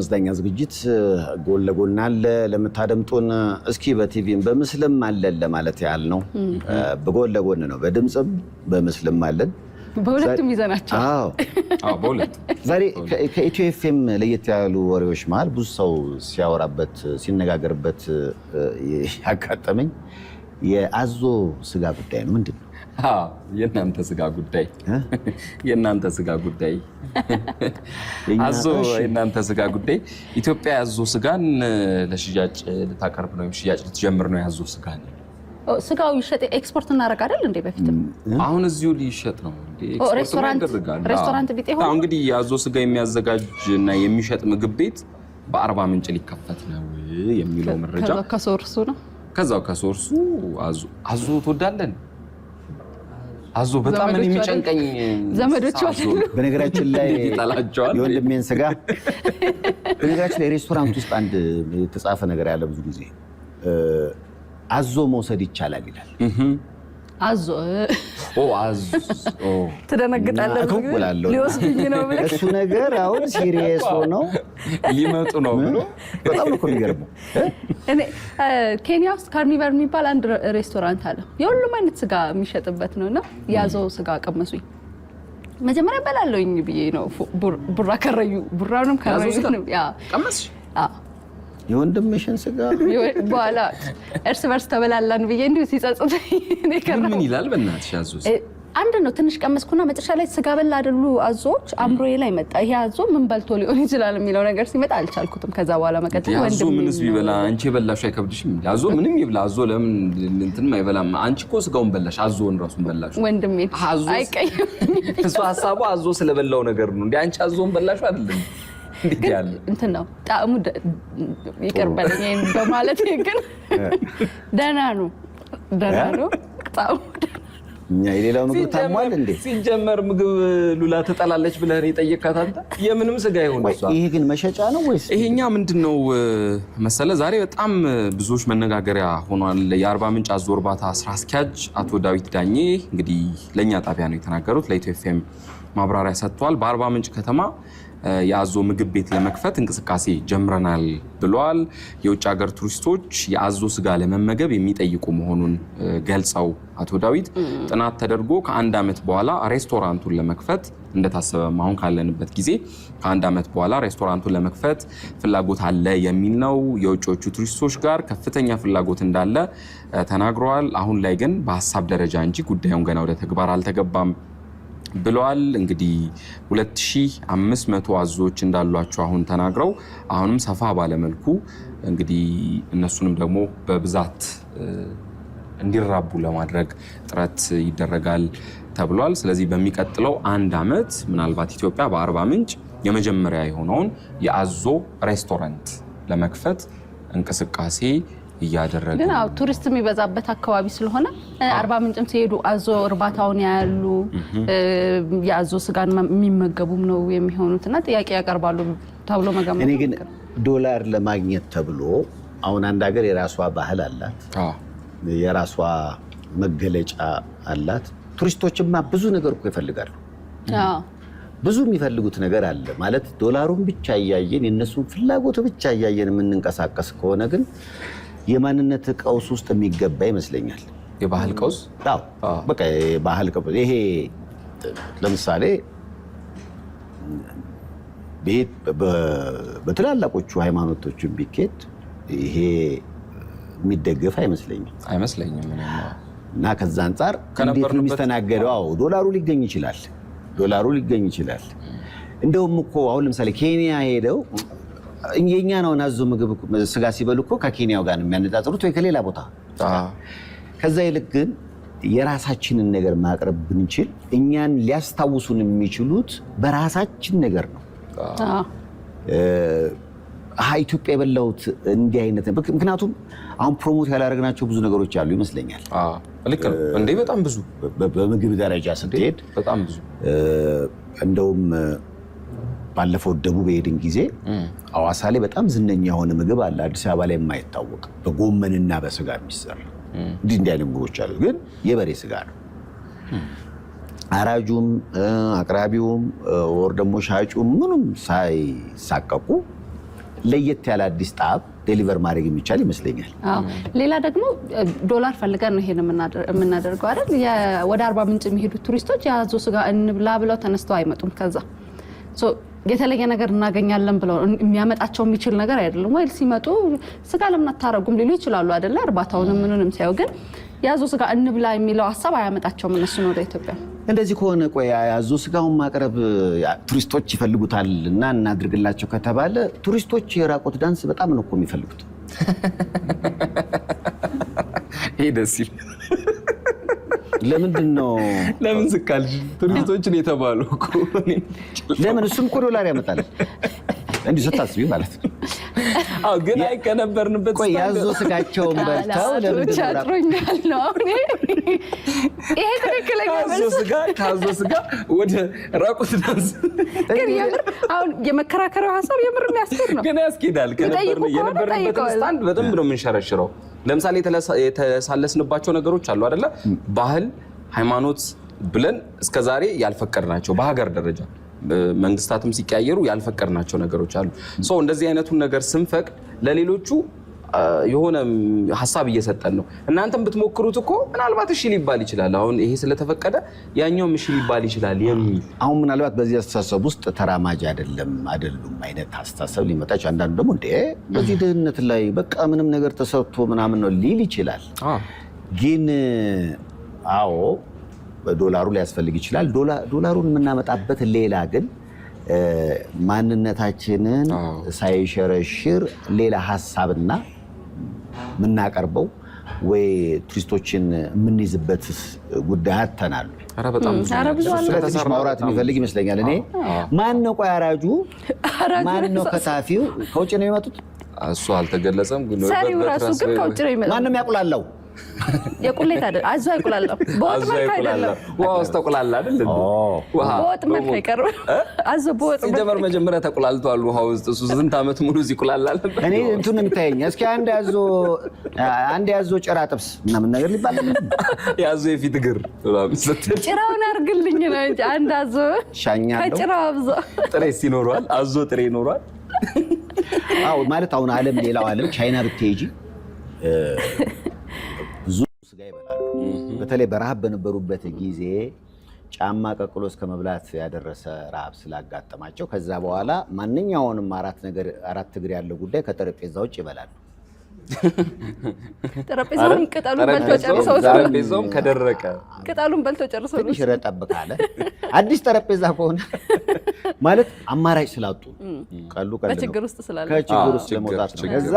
የአምስተኛ ዝግጅት ጎን ለጎን አለ። ለምታደምጡን እስኪ በቲቪም በምስልም አለን ለማለት ያህል ነው። በጎን ለጎን ነው፣ በድምፅም በምስልም አለን። በሁለቱም ይዘናቸው። ዛሬ ከኢትዮ ኤፍኤም ለየት ያሉ ወሬዎች መሀል ብዙ ሰው ሲያወራበት ሲነጋገርበት ያጋጠመኝ የአዞ ስጋ ጉዳይ ነው። ምንድን ነው የእናንተ ስጋ ጉዳይ የእናንተ ስጋ ጉዳይ አዞ የእናንተ ስጋ ጉዳይ ኢትዮጵያ ያዞ ስጋን ለሽያጭ ልታቀርብ ነው፣ ሽያጭ ልትጀምር ነው። ያዞ ስጋን ስጋው ይሸጥ ኤክስፖርት እናደርግ አይደል እንዴ? በፊትም አሁን እዚሁ ሊሸጥ ነው። ሬስቶራንት ቢጤ ሆኖ እንግዲህ ያዞ ስጋ የሚያዘጋጅ እና የሚሸጥ ምግብ ቤት በአርባ ምንጭ ሊከፈት ነው የሚለው መረጃ ከሶርሱ ነው። ከዛው ከሶርሱ አዞ ትወዳለን አዞ በጣም እኔ የሚጨንቀኝ ዘመዶች በነገራችን ላይ የወንድሜን ስጋ በነገራችን ላይ ሬስቶራንት ውስጥ አንድ የተጻፈ ነገር ያለ ብዙ ጊዜ አዞ መውሰድ ይቻላል ይላል። አዞ ኦ አዞ ትደነግጣለህ። ሊወስድኝ ነው ብለህ እሱ ነገር አሁን ሲሪየስ ሆነው ሊመጡ ነው ብሎ በጣም እኮ የሚገርመው ኬንያ ውስጥ ካርኒቨር የሚባል አንድ ሬስቶራንት አለ። የሁሉም አይነት ስጋ የሚሸጥበት ነው እና ያዘው ስጋ ቀመሱኝ። መጀመሪያ በላለኝ ብዬ ነው ቡራ ከረዩ ቡራንም ከረዩ የወንድምሽን ስጋ በኋላ እርስ በርስ ተበላላን ብዬ እንዲሁ ሲጸጽት ምን ይላል? በእናትሽ አዞ አንድ ነው ትንሽ ቀመስኩና መጨረሻ ላይ ስጋ በላ አይደሉ አዞዎች አእምሮዬ ላይ መጣ። ይሄ አዞ ምን በልቶ ሊሆን ይችላል የሚለው ነገር ሲመጣ አልቻልኩትም። ከዛ በኋላ መቀጠል አዞ ምንስ ቢበላ አንቺ የበላሽ አይከብድሽም? አዞ ምንም ይብላ አዞ ለምን እንትንም አይበላም። አንቺ እኮ ስጋውን በላሽ፣ አዞውን ራሱን በላሽ። ወንድሜ አይቀይም። እሱ ሀሳቡ አዞ ስለበላው ነገር ነው እንዲ አንቺ አዞውን በላሹ አይደለም እንትን ነው ጣዕሙ በማለት ግን ደህና ነው ደህና ነው ጣዕሙ። እኛ የሌላው ምግብ ታሟል እንዴ? ሲጀመር ምግብ ሉላ ትጠላለች ብለህ የጠየካት አንተ የምንም ስጋ ይሆን ይሄ ግን መሸጫ ነው ወይስ ይሄኛ ምንድን ነው መሰለ? ዛሬ በጣም ብዙዎች መነጋገሪያ ሆኗል። የአርባ ምንጭ አዞ እርባታ ስራ አስኪያጅ አቶ ዳዊት ዳኜ እንግዲህ ለእኛ ጣቢያ ነው የተናገሩት። ለኢትዮ ኤፍ ኤም ማብራሪያ ሰጥቷል። በአርባ ምንጭ ከተማ የአዞ ምግብ ቤት ለመክፈት እንቅስቃሴ ጀምረናል ብለዋል። የውጭ ሀገር ቱሪስቶች የአዞ ስጋ ለመመገብ የሚጠይቁ መሆኑን ገልጸው አቶ ዳዊት ጥናት ተደርጎ ከአንድ ዓመት በኋላ ሬስቶራንቱን ለመክፈት እንደታሰበ አሁን ካለንበት ጊዜ ከአንድ ዓመት በኋላ ሬስቶራንቱን ለመክፈት ፍላጎት አለ የሚል ነው። የውጭዎቹ ቱሪስቶች ጋር ከፍተኛ ፍላጎት እንዳለ ተናግረዋል። አሁን ላይ ግን በሀሳብ ደረጃ እንጂ ጉዳዩን ገና ወደ ተግባር አልተገባም ብለዋል። እንግዲህ 2500 አዞዎች እንዳሏቸው አሁን ተናግረው አሁንም ሰፋ ባለመልኩ እንግዲህ እነሱንም ደግሞ በብዛት እንዲራቡ ለማድረግ ጥረት ይደረጋል ተብሏል። ስለዚህ በሚቀጥለው አንድ ዓመት ምናልባት ኢትዮጵያ በአርባ ምንጭ የመጀመሪያ የሆነውን የአዞ ሬስቶራንት ለመክፈት እንቅስቃሴ እያደረገ ግን አዎ ቱሪስት የሚበዛበት አካባቢ ስለሆነ አርባ ምንጭም ሲሄዱ አዞ እርባታውን ያሉ የአዞ ስጋን የሚመገቡም ነው የሚሆኑት እና ጥያቄ ያቀርባሉ ተብሎ መገመት። እኔ ግን ዶላር ለማግኘት ተብሎ አሁን አንድ ሀገር የራሷ ባህል አላት፣ የራሷ መገለጫ አላት። ቱሪስቶችማ ብዙ ነገር እኮ ይፈልጋሉ። ብዙ የሚፈልጉት ነገር አለ ማለት ዶላሩን ብቻ እያየን የእነሱን ፍላጎት ብቻ እያየን የምንንቀሳቀስ ከሆነ ግን የማንነት ቀውስ ውስጥ የሚገባ ይመስለኛል። የባህል ቀውስ በቃ የባህል ቀውስ ይሄ ለምሳሌ በትላላቆቹ ሃይማኖቶች ቢኬድ ይሄ የሚደገፍ አይመስለኝም አይመስለኝም። እና ከዛ አንጻር እንዴት ነው የሚስተናገደው? ዶላሩ ሊገኝ ይችላል ዶላሩ ሊገኝ ይችላል። እንደውም እኮ አሁን ለምሳሌ ኬንያ ሄደው የእኛ ነው ናዞ ምግብ ስጋ ሲበሉ እኮ ከኬንያው ጋር የሚያነጣጥሩት ወይ ከሌላ ቦታ። ከዛ ይልቅ ግን የራሳችንን ነገር ማቅረብ ብንችል እኛን ሊያስታውሱን የሚችሉት በራሳችን ነገር ነው። ኢትዮጵያ የበላሁት እንዲህ አይነት ምክንያቱም አሁን ፕሮሞት ያላደረግናቸው ብዙ ነገሮች አሉ ይመስለኛል። ልክ ነው እንዴ? በጣም ብዙ በምግብ ደረጃ ስትሄድ በጣም ብዙ እንደውም ባለፈው ደቡብ የሄድን ጊዜ አዋሳ ላይ በጣም ዝነኛ የሆነ ምግብ አለ፣ አዲስ አበባ ላይ የማይታወቅ በጎመንና በስጋ የሚሰራ እንዲህ እንዲህ አይነት ምግቦች አሉ። ግን የበሬ ስጋ ነው። አራጁም አቅራቢውም ወር ደግሞ ሻጩም ምኑም ሳይሳቀቁ ለየት ያለ አዲስ ጣዕም ዴሊቨር ማድረግ የሚቻል ይመስለኛል። ሌላ ደግሞ ዶላር ፈልገን ነው ይሄን የምናደርገው አይደል? ወደ አርባ ምንጭ የሚሄዱት ቱሪስቶች የአዞ ስጋ እንብላ ብለው ተነስተው አይመጡም ከዛ የተለየ ነገር እናገኛለን ብለው የሚያመጣቸው የሚችል ነገር አይደለም ወይ? ሲመጡ ስጋ ለምን አታረጉም ሊሉ ይችላሉ አይደለ? እርባታውንም ምኑንም ሲያዩ ግን ያዙ ስጋ እንብላ የሚለው ሀሳብ አያመጣቸውም እነሱን ወደ ኢትዮጵያ። እንደዚህ ከሆነ ቆይ ያዙ ስጋውን ማቅረብ ቱሪስቶች ይፈልጉታል እና እናድርግላቸው ከተባለ ቱሪስቶች የራቆት ዳንስ በጣም ነው እኮ የሚፈልጉት። ይህ ደስ ይላል። ለምንድን ነው ለምን ስካልሽ? ቱሪስቶችን የተባሉ ለምን? እሱም እኮ ዶላር ያመጣል እንዲሁ ስታስቢ ማለት ነው። አዎ፣ ግን አይከነበርንበት ቆይ ያዙ ስጋቸውን በልተው ለምንድን ነው አጥሮኛል ነው አሁን ይሄ ትክክለኛ ስጋ ካዞ ስጋ ወደ ራቁት ዳንስ ግን የምር አሁን የመከራከሪያው ሀሳብ የምር የሚያስኬድ ነው፣ ግን ያስኬዳል። የነበርንበት ስታንድ በደንብ ነው የምንሸረሽረው። ለምሳሌ የተሳለስንባቸው ነገሮች አሉ አይደለ? ባህል፣ ሃይማኖት ብለን እስከዛሬ ያልፈቀድናቸው በሀገር ደረጃ መንግስታትም ሲቀያየሩ ያልፈቀድናቸው ነገሮች አሉ። ሰው እንደዚህ አይነቱን ነገር ስንፈቅድ ለሌሎቹ የሆነ ሀሳብ እየሰጠን ነው። እናንተም ብትሞክሩት እኮ ምናልባት እሺ ሊባል ይችላል። አሁን ይሄ ስለተፈቀደ ያኛውም እሺ ሊባል ይችላል የሚል አሁን ምናልባት በዚህ አስተሳሰብ ውስጥ ተራማጅ አይደለም አይደሉም አይነት አስተሳሰብ ሊመጣ ይችላል። አንዳንዱ ደግሞ እንደ በዚህ ድህነት ላይ በቃ ምንም ነገር ተሰርቶ ምናምን ነው ሊል ይችላል። ግን አዎ ዶላሩ ሊያስፈልግ ይችላል። ዶላሩን የምናመጣበት ሌላ ግን ማንነታችንን ሳይሸረሽር ሌላ ሀሳብና የምናቀርበው ወይ ቱሪስቶችን የምንይዝበት ጉዳይ አተናሉ። ስለዚህ ማውራት የሚፈልግ ይመስለኛል። እኔ ነው ቆይ አራጁ ነው ከሳፊው? ከውጭ ነው የሚመጡት። እሱ አልተገለጸም። ግን ነው የሚያቁላለው? የቁሌት አይደለም። አዞ አይቁላላም። በወጥ መልክ አይደለም። ውሃ ውስጥ ተቁላላ አይደል? በወጥ መልክ ነው የቀረው። አዞ በወጥ መልክ ሲጀመር መጀመሪያ ተቁላልቷል ውሃ ውስጥ። እሱ ስንት ዓመት ሙሉ እዚህ ይቁላላ ነበር። እኔ እንትን ነው የምታየኝ። እስኪ አንድ ያዞ አንድ ያዞ ጭራ ጥብስ ምናምን ነገር ሊባል ያዞ የፊት እግር ጭራውን አድርግልኝ ነው እንጂ አንድ አዞ ሻኛለሁ። ከጭራው አብዞ ጥሬ ይኖረዋል። አዞ ጥሬ ይኖረዋል። አዎ ማለት አሁን ዓለም ሌላው ዓለም ቻይና ብትሄጂ በተለይ በረሃብ በነበሩበት ጊዜ ጫማ ቀቅሎ እስከ መብላት ያደረሰ ረሃብ ስላጋጠማቸው ከዛ በኋላ ማንኛውንም አራት ነገር አራት እግር ያለው ጉዳይ ከጠረጴዛ ውጭ ይበላሉ። ጠረጴዛውን ቅጠሉን በልቶ ጨርሰው ጠረጴዛውም ከደረቀ ቅጠሉን በልቶ ጨርሰው ትንሽ ረጠብ ካለ አዲስ ጠረጴዛ ከሆነ ማለት አማራጭ ስላጡ ቀሉ ቀሉ ከችግር ውስጥ ለመውጣት ነው። ከዛ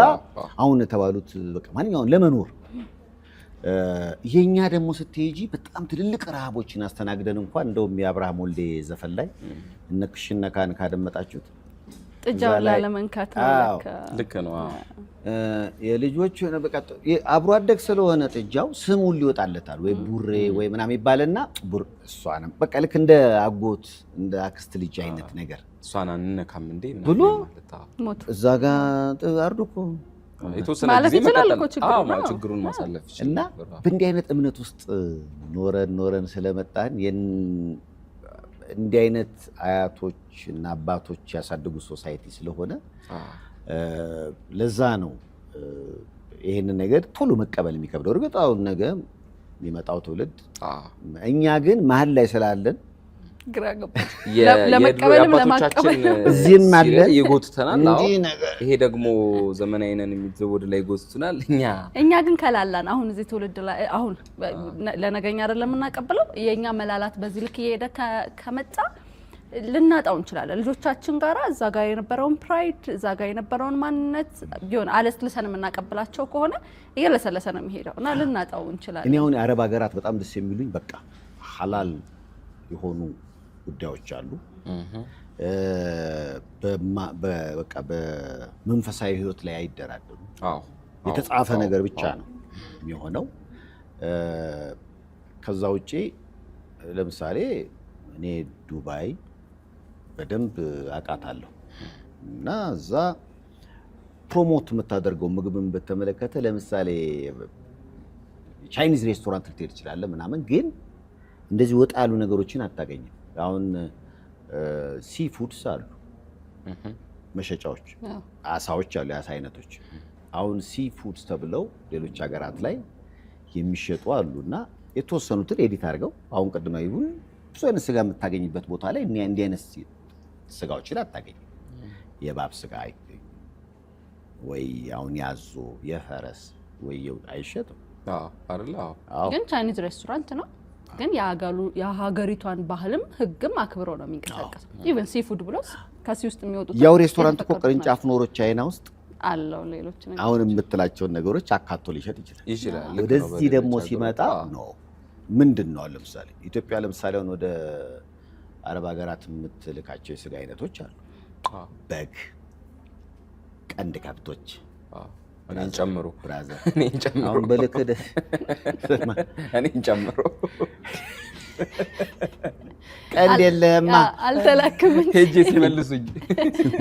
አሁን የተባሉት በቃ ማንኛውን ለመኖር የእኛ ደግሞ ስትሄጂ በጣም ትልልቅ ረሃቦችን አስተናግደን እንኳን እንደውም የአብርሃም ወልዴ ዘፈን ላይ እነ ክሽነካን ካደመጣችሁት ጥጃውን ላለመንካት ልክ ነው። የልጆች ሆነ በቃ አብሮ አደግ ስለሆነ ጥጃው ስሙን ሊወጣለታል ወይ ቡሬ ወይ ምናምን ይባልና ቡር እሷንም በቃ ልክ እንደ አጎት እንደ አክስት ልጅ አይነት ነገር እሷን አንነካም እንዴ ብሎ እዛ ጋ አርዱ እኮ ማለት ይችላል እኮ ችግሩን ማሳለፍ እና በእንዲህ አይነት እምነት ውስጥ ኖረን ኖረን ስለመጣን እንዲህ አይነት አያቶች እና አባቶች ያሳደጉ ሶሳይቲ ስለሆነ ለዛ ነው ይህንን ነገር ቶሎ መቀበል የሚከብደው። እርግጥ አሁን ነገ የሚመጣው ትውልድ እኛ ግን መሀል ላይ ስላለን እዚህም አለ ይጎትተናል። ይሄ ደግሞ ዘመናዊ ነን የሚዘው ወደ ላይ ይጎትቱናል። እኛ እኛ ግን ከላላን አሁን እዚህ ትውልድ አሁን ለነገኛ አይደለም የምናቀብለው። የእኛ መላላት በዚህ ልክ እየሄደ ከመጣ ልናጣው እንችላለን። ልጆቻችን ጋር እዛ ጋር የነበረውን ፕራይድ እዛ ጋር የነበረውን ማንነት ቢሆን አለስልሰን የምናቀብላቸው ከሆነ እየለሰለሰ ነው የሚሄደው እና ልናጣው እንችላለን። እኔ አሁን የአረብ ሀገራት በጣም ደስ የሚሉኝ በቃ ሀላል የሆኑ ጉዳዮች አሉ። በመንፈሳዊ ህይወት ላይ አይደራደሩ። የተጻፈ ነገር ብቻ ነው የሚሆነው። ከዛ ውጭ ለምሳሌ እኔ ዱባይ በደንብ አውቃታለሁ እና እዛ ፕሮሞት የምታደርገው ምግብን በተመለከተ ለምሳሌ ቻይኒዝ ሬስቶራንት ልትሄድ ትችላለህ ምናምን፣ ግን እንደዚህ ወጣ ያሉ ነገሮችን አታገኝም። አሁን ሲ ፉድስ አሉ መሸጫዎች፣ አሳዎች አሉ፣ የአሳ አይነቶች አሁን ሲ ፉድስ ተብለው ሌሎች ሀገራት ላይ የሚሸጡ አሉ እና የተወሰኑትን ኤዲት አድርገው አሁን ቅድመ ይሁን ብዙ አይነት ስጋ የምታገኝበት ቦታ ላይ እንዲህ አይነት ስጋዎችን አታገኝ። የባብ ስጋ አይገኝ ወይ አሁን ያዞ የፈረስ ወይ አይሸጥም። ግን ቻይኒዝ ሬስቶራንት ነው ግን የሀገሪቷን ባህልም ህግም አክብሮ ነው የሚንቀሳቀሰው። ኢቨን ሲፉድ ብሎ ከዚህ ውስጥ የሚወጡት ያው ሬስቶራንት እኮ ቅርንጫፍ ኖሮ ቻይና ውስጥ አለው። ሌሎች አሁን የምትላቸውን ነገሮች አካቶ ሊሸጥ ይችላል። ወደዚህ ደግሞ ሲመጣ ነው ምንድን ነው ለምሳሌ ኢትዮጵያ ለምሳሌ አሁን ወደ አረብ ሀገራት የምትልካቸው የስጋ አይነቶች አሉ። በግ፣ ቀንድ ከብቶች እኔን ጨምሮ ብራዘር፣ እኔን ጨምሮ አሁን በልክ እኔን ጨምሮ ቀንድ የለህማ አልተላክም እንጂ ሄጄ ሲመልሱኝ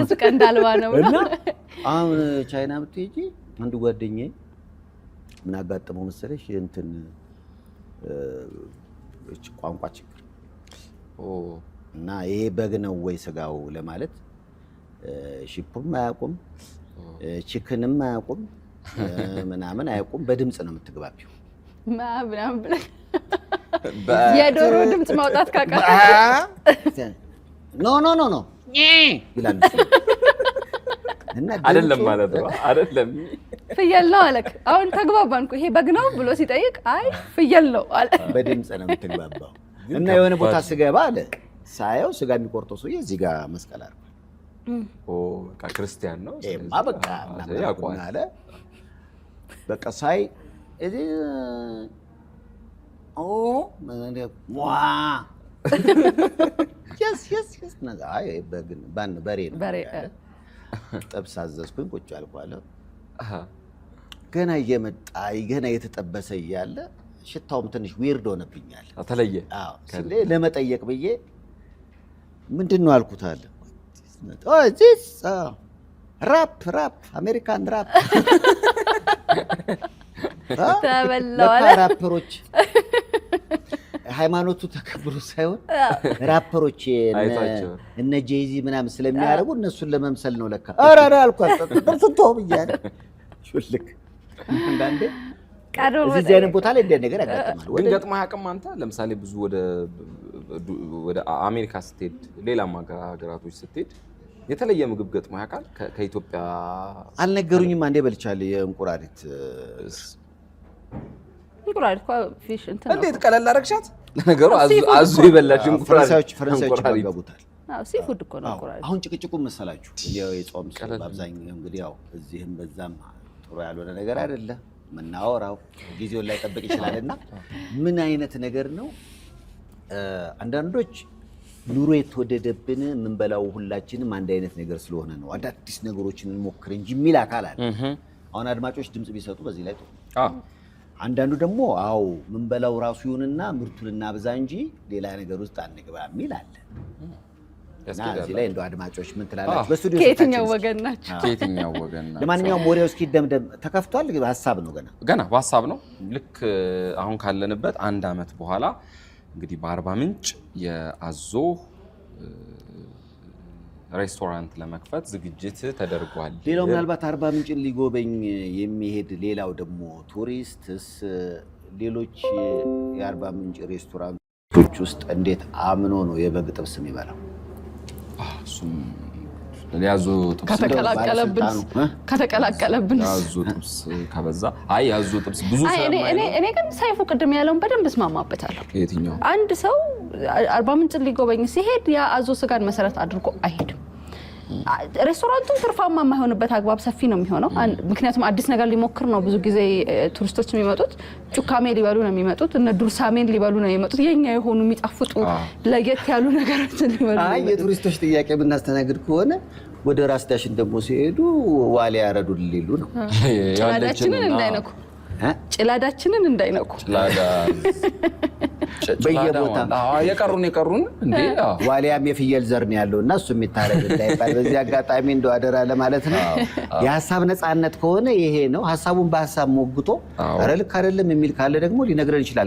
እሱ ቀንድ አልባ ነው። እና አሁን ቻይና ብትሄጂ አንዱ ጓደኛዬ ምን አጋጠመው መሰለሽ? እንትን ቋንቋ ችግር እና ይሄ በግ ነው ወይ ስጋው ለማለት ሽፑም አያውቁም ችክንም አያውቁም ምናምን አያውቁም። በድምፅ ነው የምትግባቢው ምናምን ብለህ የዶሮ ድምፅ ማውጣት ካቃ ኖ ኖ ኖ ኖ ይላሉ። አይደለም ማለት ነው። አይደለም ፍየል ነው አለክ። አሁን ተግባባን እኮ ይሄ በግ ነው ብሎ ሲጠይቅ አይ ፍየል ነው አለ። በድምፅ ነው የምትግባባው። እና የሆነ ቦታ ስገባ አለ ሳየው ስጋ የሚቆርጠው ሰውዬ እዚህ ጋር መስቀል አድርጎ ክርስቲያን ነው ማ በቃ አለ በቃ ሳይ በሬ ነው ጥብስ አዘዝኩኝ። ቁጭ አልኳለ ገና እየመጣ ገና እየተጠበሰ እያለ ሽታውም ትንሽ ዊርድ ሆነብኛል። ተለየ ለመጠየቅ ብዬ ምንድን ነው አልኩት አለ ዚስ ራፕ ራፕ አሜሪካን ራፕ ራፐሮች ሃይማኖቱ ተከብሮ ሳይሆን ራፐሮች እነ ጄይዚ ምናምን ስለሚያደርጉ እነሱን ለመምሰል ነው ለካ። ኧረ አልኳት ስቶ ብያለ ልክ አንዳንዴ እዚህ አይነት ቦታ ላይ እንደ ነገር ያጋጥማል። ግን ገጥሞ አያውቅም። አንተ ለምሳሌ ብዙ ወደ አሜሪካ ስትሄድ፣ ሌላም ሀገራቶች ስትሄድ የተለየ ምግብ ገጥሞ ያውቃል? ከኢትዮጵያ አልነገሩኝም። አንዴ በልቻለሁ። የእንቁራሪት እንዴት ቀለል አደረግሻት? ለነገሩ አዙ ይበላሽ። እንቁራሪት ፈረንሳዮች ይጋቡታል። ሲፉድ እኮ ነው እንቁራሪት። አሁን ጭቅጭቁ መሰላችሁ የጾም አብዛኛው እንግዲህ ያው እዚህም በዛም ጥሩ ያልሆነ ነገር አይደለ ምናወራው ጊዜውን ላይ ጠብቅ ይችላልና ምን አይነት ነገር ነው አንዳንዶች ኑሮ የተወደደብን የምንበላው ሁላችንም አንድ አይነት ነገር ስለሆነ ነው። አዳዲስ ነገሮችን እንሞክር እንጂ የሚል አካል አለ። አሁን አድማጮች ድምፅ ቢሰጡ በዚህ ላይ ጥሩ። አንዳንዱ ደግሞ አዎ ምንበላው ራሱ ይሁንና ምርቱን እናብዛ እንጂ ሌላ ነገር ውስጥ አንግባ የሚል አለ። እዚህ ላይ እንደው አድማጮች ምን ትላላችሁ? በስቱዲዮ ከየትኛው ወገን ናቸው? ከየትኛው ወገን ናቸው? ለማንኛውም ወሬው እስኪ ደምደም ተከፍቷል። ሀሳብ ነው ገና ገና በሀሳብ ነው። ልክ አሁን ካለንበት አንድ አመት በኋላ እንግዲህ በአርባ ምንጭ የአዞ ሬስቶራንት ለመክፈት ዝግጅት ተደርጓል። ሌላው ምናልባት አርባ ምንጭን ሊጎበኝ የሚሄድ ሌላው ደግሞ ቱሪስትስ ሌሎች የአርባ ምንጭ ሬስቶራንቶች ውስጥ እንዴት አምኖ ነው የበግ ጥብስ የሚበላው? እሱም ያዙ ጥብስ ከተቀላቀለብን ያዙ ጥብስ ከበዛ አይ ያዙ ጥብስ ብዙ እኔ ግን ሰይፉ ቅድም ያለውን በደንብ እስማማበታለሁ። የትኛው አንድ ሰው አርባ ምንጭን ሊጎበኝ ሲሄድ የአዞ ስጋን መሰረት አድርጎ አይሄድም። ሬስቶራንቱ ትርፋማ የማይሆንበት አግባብ ሰፊ ነው የሚሆነው። ምክንያቱም አዲስ ነገር ሊሞክር ነው ብዙ ጊዜ ቱሪስቶች የሚመጡት። ጩካሜ ሊበሉ ነው የሚመጡት፣ እነ ዱርሳሜን ሊበሉ ነው የሚመጡት። የኛ የሆኑ የሚጣፍጡ ለየት ያሉ ነገሮች ሊበሉ የቱሪስቶች ጥያቄ የምናስተናግድ ከሆነ ወደ ራስ ዳሽን ደግሞ ሲሄዱ ዋሌ ያረዱ ሊሉ ነው። ጭላዳችንን እንዳይነኩ ጭላዳችንን እንዳይነኩ በየቦታ የቀሩን የቀሩን ዋሊያም የፍየል ዘር ነው ያለው እና እሱ የሚታረግ እንዳይባል በዚህ አጋጣሚ እንደ አደራ ለማለት ነው። የሀሳብ ነፃነት ከሆነ ይሄ ነው። ሀሳቡን በሀሳብ ሞግቶ ረልክ አይደለም የሚል ካለ ደግሞ ሊነግረን ይችላል።